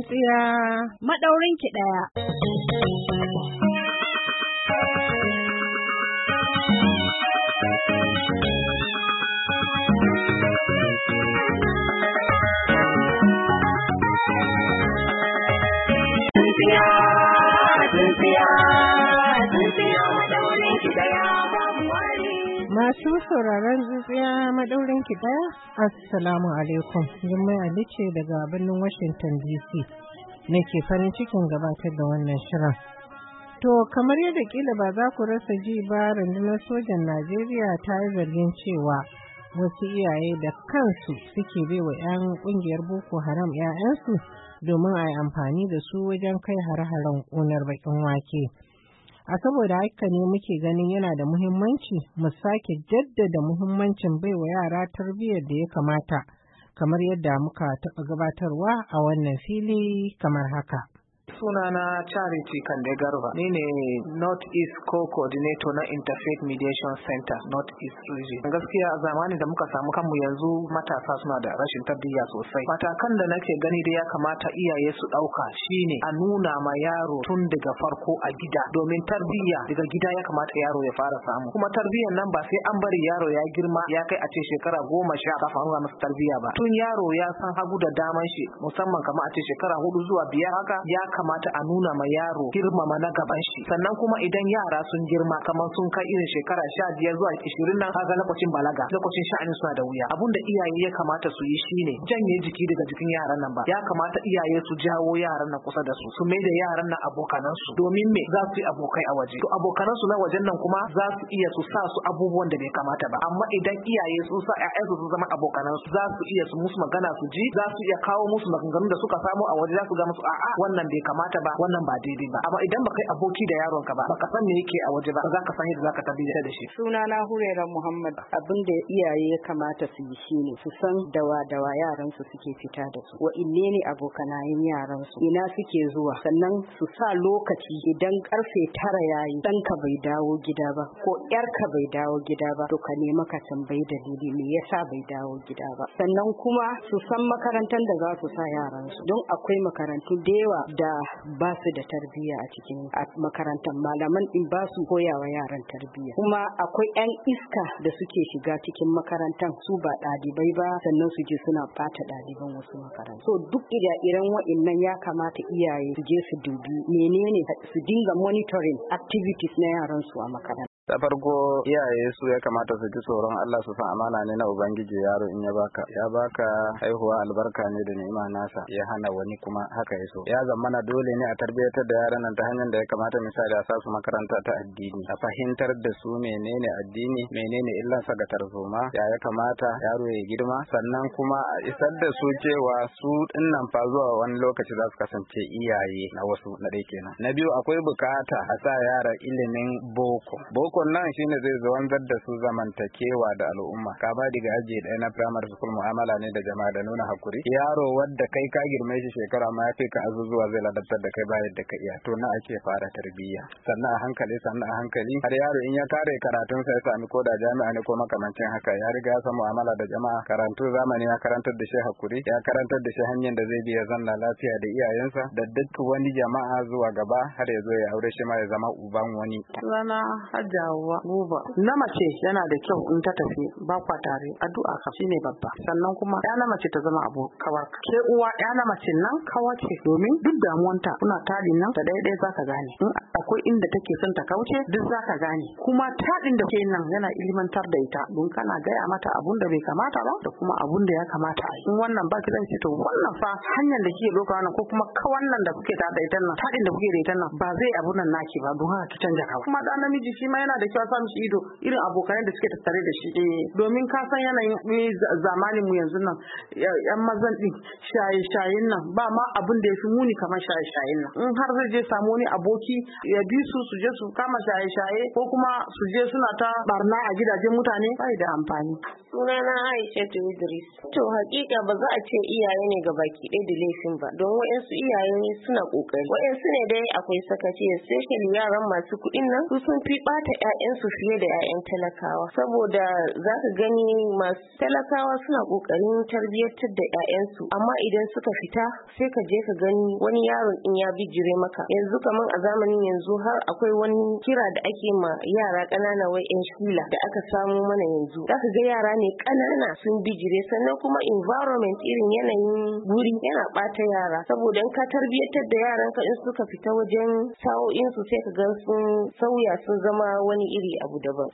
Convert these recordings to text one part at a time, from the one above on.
Tsiya. Maɗaurin ki ɗaya. Masu sauraron tsintsiya maɗaurin ki Assalamu alaikum, Jummai Ali ce daga birnin Washington DC, ke farin cikin gabatar da wannan shirin. To, kamar yadda kila ba za ku rasa ji ba rundunar sojan Najeriya ta yi zargin cewa wasu iyaye da kansu suke bai wa 'yan ƙungiyar Boko Haram 'ya'yansu domin a yi amfani da su wajen kai har haren ƙunar baƙin wake. a saboda haka ne muke ganin yana da muhimmanci mu sake jaddada muhimmancin baiwa yara tarbiyyar da ya kamata kamar yadda muka taɓa gabatarwa a wannan fili kamar haka. sunana charity kande garba ni ne north east co coordinator na interfaith mediation center north east region gaskiya a zamanin da muka samu kanmu yanzu matasa suna da rashin tarbiyya sosai matakan da nake gani da ya kamata iyaye su ɗauka shine a nuna ma yaro tun daga farko a gida domin tarbiyya daga gida ya kamata yaro ya fara samu kuma tarbiyyan nan ba sai an bari yaro ya girma ya kai a ce shekara goma sha kafa nuna masa tarbiyya ba tun yaro ya san hagu da daman shi musamman kamar a ce shekara hudu zuwa biyar haka ya kamata kamata a nuna ma yaro girmama na gaban shi sannan kuma idan yara sun girma kamar sun kai irin shekara sha biyar zuwa ishirin nan kaga lokacin balaga lokacin sha'ani suna da wuya Abun da iyaye ya kamata su yi shine janye jiki daga jikin yaran nan ba ya kamata iyaye su jawo yaran nan kusa da su su mai da yaran nan abokanan su domin me za su yi abokai a waje to abokanan su na wajen nan kuma za su iya su sa su abubuwan da bai kamata ba amma idan iyaye sun sa ƴaƴan su zama abokanan su za su iya su musu magana su ji za su iya kawo musu maganganun da suka samu a waje za su ga musu a'a wannan bai kamata kamata ba wannan ba daidai ba amma idan baka yi aboki da yaron ka ba baka san me yake a waje ba za ka san yadda za ka tabbata da shi suna na hurairar muhammad abin da iyaye ya kamata su yi ne. su san dawa dawa yaran su suke fita da su Wa inne ne abokanayen yaran su ina suke zuwa sannan su sa lokaci idan karfe tara yayi ka bai dawo gida ba ko yar ka bai dawo gida ba to ka nema ka tambayi dalili me yasa bai dawo gida ba sannan kuma su san makarantar da za su sa yaran su don akwai makarantu da yawa da ba su da tarbiyya a cikin makarantar malaman din ba su koyawa yaran tarbiyya kuma akwai yan iska da suke shiga cikin makarantar su ba ɗalibai ba sannan su je suna bata ɗaliban wasu makarantar so duk ire-iren wa'annan ya kamata iyaye su je su dubi menene su dinga monitoring activities na yaran su a makaranta Ta farko iyaye su ya kamata su ji tsoron Allah su san amana ne na ubangiji yaro in ya baka ya baka haihuwa albarka ne da ni'ima nasa ya hana wani kuma haka ya so ya zamana dole ne a tarbiyyatar da yaran nan ta hanyar da ya kamata misali a sa su makaranta ta addini a fahimtar da su menene addini menene illansa ga tarzoma ya ya kamata yaro ya girma sannan kuma a isar da su cewa su dinnan fa zuwa wani lokaci za su kasance iyaye na wasu na dai kenan na biyu akwai bukata a sa yara ilimin boko boko wannan shine zai wanzar da su zamantakewa da al'umma ka ba daga aji ɗaya na primary school mu'amala ne da jama'a da nuna hakuri yaro wadda kai ka girme shi shekara ma ya fi ka azuzuwa zai ladabtar da kai bayan da ka iya to na ake fara tarbiyya sannan a hankali sannan a hankali har yaro in ya kare karatun sa ya sami ko da jami'a ne ko makamancin haka ya riga ya san mu'amala da jama'a karatu zamani ya karantar da shi hakuri ya karantar da shi hanyar da zai bi ya zanna lafiya da iyayensa da duk wani jama'a zuwa gaba har ya zo ya aure shi ma ya zama uban wani. hajja dawowa goba na mace yana da kyau in ta tafi ba kwa tare addu'a ka shine babba sannan kuma ya na mace ta zama abu kawar ke uwa ya na mace nan kawa ce domin duk damuwanta kuna tadin nan da daidai zaka gane in akwai inda take son ta kauce duk zaka gane kuma tadin da ke nan yana ilmantar da ita don kana gaya mata abun da bai kamata ba da kuma abun da ya kamata a yi in wannan ba ki zan ce to wannan fa hanyar da kike doka wannan ko kuma ka wannan da kuke tada ita nan tadin da kuke da ita nan ba zai abun nan naki ba don haka ki canja kawa kuma da namiji shi ma yana yana da kyau mu ido irin abokan da suke tattare da shi eh, domin ka san yanayin zamanin mu yanzu nan yan mazan din shaye-shayen nan ba ma abin da ya fi muni kamar shaye-shayen nan in har zai je samu wani aboki ya bi su su je su kama shaye-shaye ko kuma su je suna ta barna a gidajen mutane bai da amfani sunana Aisha Idris to hakika ba za a ce iyaye ne ga baki ɗaya da laifin ba don wayansu iyaye ne suna kokari wayansu ne dai akwai sakaci especially yaran masu kuɗin nan su sun fi ɓata 'ya'yansu fiye da ƴaƴan talakawa saboda za ka gani masu talakawa suna ƙoƙarin tarbiyyantar da 'ya'yansu amma idan suka fita sai ka je ka gani wani yaron in ya bijire maka yanzu kamar a zamanin yanzu har akwai wani kira da ake ma yara ƙanana wai 'yan shila da aka samo mana yanzu za ka ga yara ne ƙanana sun bijire sannan kuma environment irin yanayin guri yana ɓata yara saboda in ka tarbiyyantar da yaranka in suka fita wajen sa'o'insu sai ka ga sun sauya sun zama wani iri abu daban.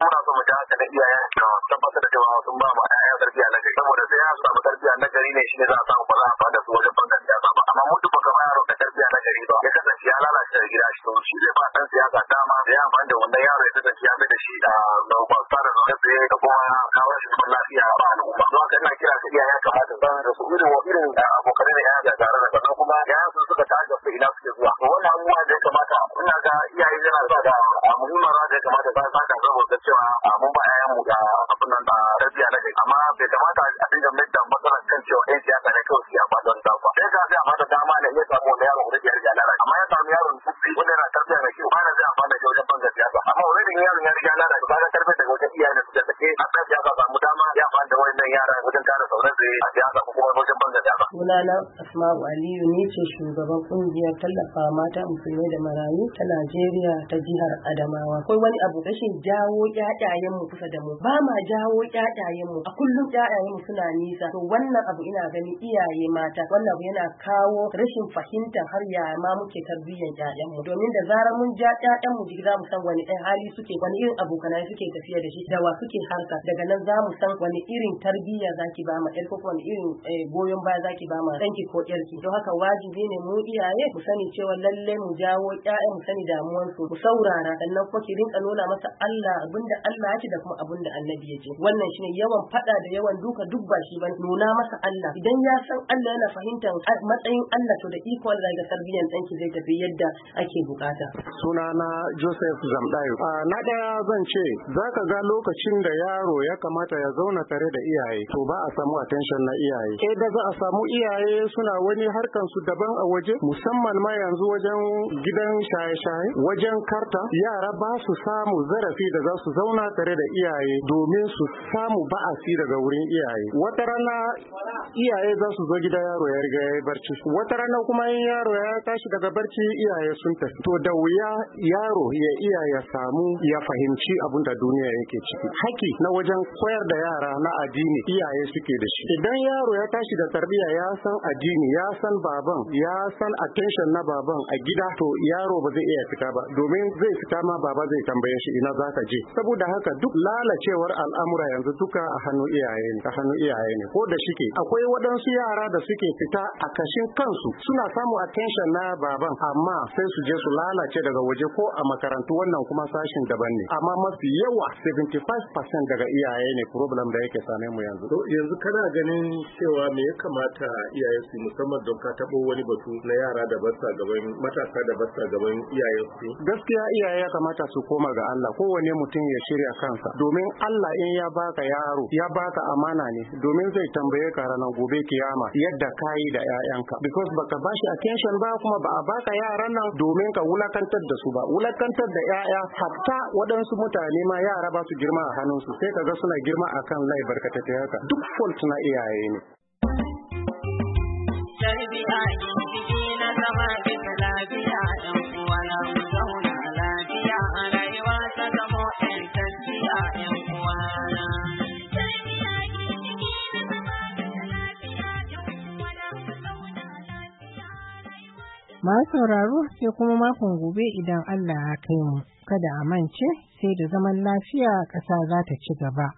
Muna so mu ji haka na iyayen tabbatar da cewa sun ba ma 'ya'ya tarbiyya na gari saboda sai ya samu tarbiyya na gari ne shi ne za a samu kwalafa da su wajen bangar siyasa ba amma mutum baka ba yaro na tarbiyya na gari ba ya kasance ya lalace da gida shi to shi zai ba dan siyasa dama da ya amfani da wannan yaro ya kasance ya mai da shi da kwasa da zaune tsaye da kuma kawo shi lafiya ba al'umma don haka ina kira ga iyaye kamata san da su irin irin tafiya na kai amma bai kamata a dinga mai da matsalar kan cewa ɗan siyasa ne kawai siya ba don dafa. ɗan siyasa ya mata dama ne ya samu wani yaron da ya riga lalata amma ya samu yaron wanda yana sunana asma'u aliyu ne ce shugaban kungiyar tallafa mata musulmai da marayu ta najeriya ta jihar adamawa akwai wani abu rashin jawo ƴaƴayen mu kusa da mu ba ma jawo ƴaƴayen mu a kullum ƴaƴayen mu suna nisa to wannan abu ina gani iyaye mata wannan abu yana kawo rashin fahimta har ya ma muke tarbiyyar ƴaƴan mu domin da zarar mun ja ƴaƴan mu jiki za mu san wani hali suke wani irin abokan suke tafiya da shi da wa suke harka daga nan za mu san wani irin tarbiyya zaki ba ma ko wani irin eh, goyon baya zaki ba ma danki ko yarki don haka wajibi ne mu iyaye mu sani cewa lalle mu jawo ƴaƴan mu sani damuwar su mu saurara sannan kuma ki rinka nuna masa Allah abinda Allah ya ce da kuma abinda Annabi ya ce wannan shine yawan faɗa da yawan duka duk ba shi bane nuna masa Allah idan ya san Allah yana fahimtar matsayin Allah to da ikon Allah ga tarbiyyar danki zai tafi yadda ake bukata sunana Joseph Zamdayo na daya zan ce zaka ga lokacin da yaro ya kamata ya zauna tare da iyaye to ba a samu attention na iyaye eh da za a samu iyaye iyaye suna wani harkan su daban a waje musamman ma yanzu wajen gidan shaye-shaye wajen karta yara ba su samu zarafi da za su zauna tare da iyaye domin su samu ba'asi daga wurin iyaye wata rana iyaye za su zo gida yaro ya riga ya barci wata rana kuma in yaro ya tashi daga barci iyaye sun tafi to da wuya yaro ya iya ya samu ya fahimci abin da duniya yake ciki haki na wajen koyar da yara na addini iyaye suke da shi idan yaro ya tashi da tarbiyya ya san addini ya san baban ya san attention na baban a gida to yaro ba zai iya fita ba domin zai fita ma baba zai tambaye shi ina za ka je saboda haka duk lalacewar al'amura yanzu duka a hannun iyaye ne a hannun iyaye ne ko da shike akwai waɗansu yara da suke fita a kashin kansu suna samu attention na baban amma sai su je su lalace daga waje ko a makarantu wannan kuma sashin daban ne amma mafi yawa 75% daga iyaye ne problem da yake same mu yanzu yanzu kana ganin cewa me ya kamata su musamman don ka tabo wani batu na yara da basta gaban matasa da basta gaban iyayensu gaskiya iyaye ya kamata su koma ga Allah kowane mutum ya shirya kansa domin Allah in ya baka yaro ya baka amana ne domin zai tambaye ka ranar gobe kiyama yadda kayi da 'ya'yanka because baka bashi attention ba kuma ba a baka yaran nan domin ka wulakantar da su ba wulakantar da 'ya'ya hatta waɗansu mutane ma yara ba su girma a hannunsu sai ka ga suna girma akan lai barkatatai haka duk fault na iyaye ne lafiya ginshiki na zama bisa lafiya ɗan uwana mu zauna lafiya a rayuwa ta zamo ɗan tafiya ɗan uwana. Masu sauraro sai kuma makon gobe idan Allah ya kai mu, kada a mance sai da zaman lafiya ƙasa za ta ci gaba.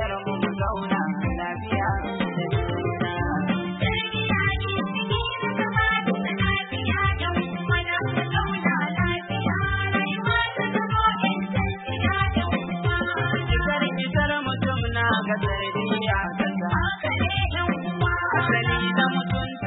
yaramu muzauna